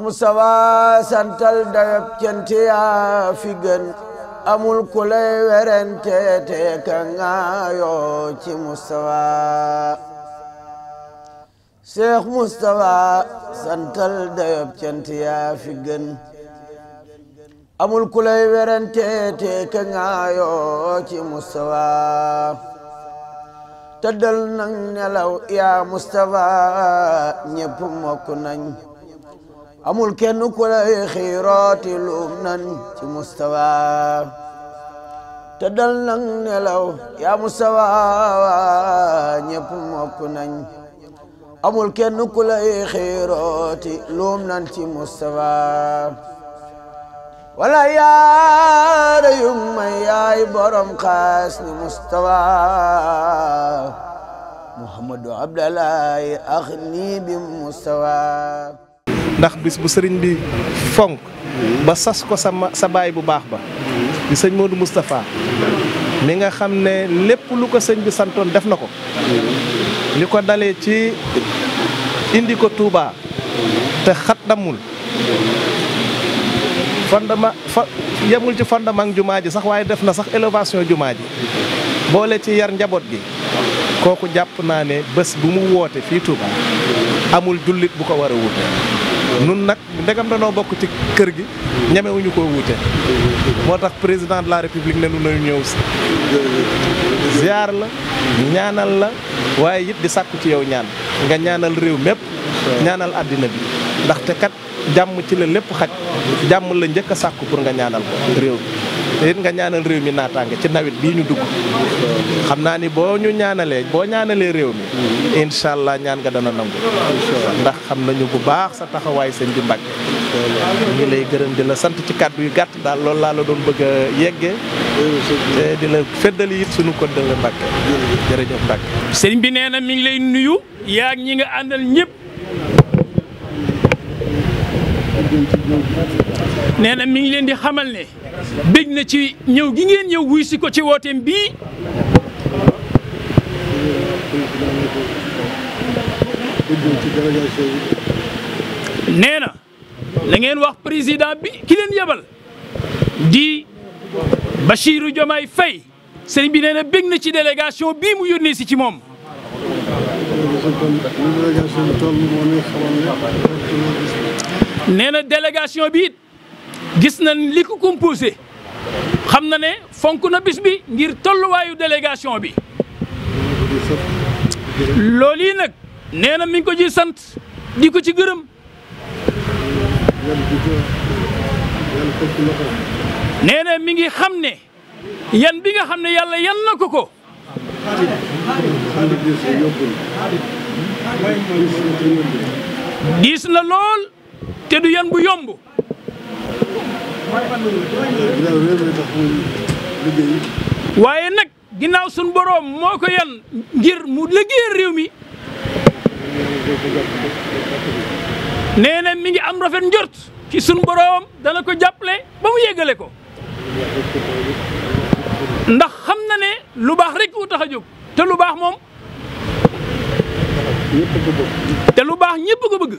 Mustafa santal dayob cant yaa fi gën amul ku lay werante te ka ngaayoo ci Mustafa Cheikh Mustafa te ka ngaayoo nelaw yaa Mustafa ñépp mokk nañ amul kenn ku lay xiiraati luum nan ci mustawa te dal nang nelaw yaa mustawa ñépp mokk nañ amul kenn ku lay xiiraati luum nan ci mustawa wala yaara yum may yaay borom xaas ni mustawa muhammadu abdallahi ax nii bi ndax bis bu sëriñ bi fonk ba sas ko sa sa baay bu baax ba di sëñ Modou Moustapha mi nga xam ne lépp lu ko sëñ bi santoon def na ko li ko dalee ci indi ko tuubaa te xat damul fondement fa yemul ci fondement jumaa ji sax waaye def na sax élévation jumaa ji boole ci yar njaboot gi kooku jàpp naa ne bés bu mu woote fii Touba amul jullit bu ko war a wuute nun nag ndegam danoo bokk ci kër gi ñamewuñu koo wuute moo tax président de la république ne nu nañu ñëw si ziar la ñaanal la waaye it di sàkku ci yow ñaan nga ñaanal réew mépp ñaanal àddina bi ndaxte kat jàmm ci la lépp xaj jàmm la njëkk a sàkku pour nga ñaanal ko réew bi te it nga ñaanal réew mi naataange ci nawet bii ñu dugg xam naa ni boo ñu ñaanalee boo ñaanalee réew mi incha allah ñaan nga dana nangu ndax xam nañu bu baax sa taxawaayu sëñ bi Mbàkke ñu lay gërëm di la sant ci kàddu yu gàtt daal lool laa la doon bëgg a yeggee te di la feddali it suñu koddale Mbàkke jërëjëf Mbàkke sëñ bi nee na mi ngi lay nuyu yaa ñi nga àndal ñëpp nee na mi ngi leen di xamal ne bég na ci ñëw gi ngeen ñëw wuy si ko ci wooteem bii nee na na wax président bi ki leen yebal di Bassirou Diomaye Faye sëriñ bi nee na bég na ci délégation bii mu yónnee si ci moom nee na délégation gis na li ko composé xam na ne fonk na bis bi ngir tolluwaayu délégation bi lool yi nag nee na mi ngi ko ci sant di ko ci gërëm neena mi ngi xam ne yan bi nga xam ne yàlla yan na ko ko diis na lool te du yan bu yomb waaye nag ginnaaw suñu boroom moo ko yan ngir mu liggéeyal réew mi nee na mi ngi am rafet njort ci suñu dana ko jàppale ba mu yeggale ko ndax xam na ne lu baax rek wu tax a jóg te lu baax moom te lu baax ñëpp ko bëgg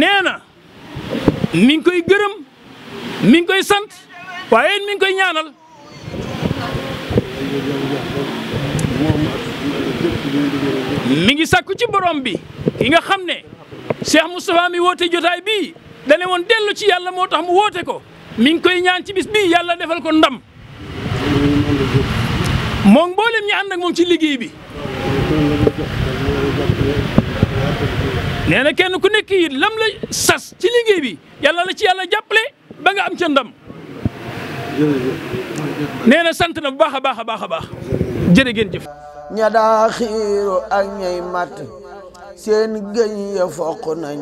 nee na mi ngi koy gërëm mi ngi koy sant waaye mi ngi koy ñaanal mi ngi sàkku ci borom bi ki nga xam ne Cheikh Moustapha mi woote jotaay bi dane woon dellu ci yàlla moo tax mu woote ko mi ngi koy ñaan ci bis bii yàlla defal ko ndam moom mboolem ñi ànd ak ci liggéey bi nee na kenn ku nekk it lam la sas ci liggéey bi la ci yàlla jàppale ba nga am ca ndam nee sant na bu baax a baax a baax a baax jërë ngeen jëf ña daa xiiru ak ñay matt seen gëñ ya foq nañ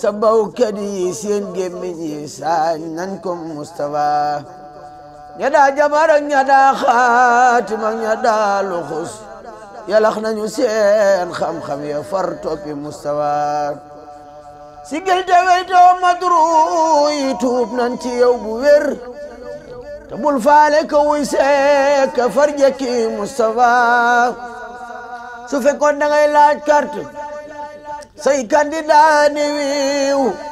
sa bawkat yi seen gémmiñ yi saañ nañ ko Moustapha ña daa jabar ña daa xaatim ña daa luxus yalax nañu seen xam-xam ya far toppi mustawa sigil te weytoo madru yi tuub nan ci yow bu wér te bul faale ko wuy seek ka far jekki mustawa su fekkoon da ngay laaj carte say candidat wiiw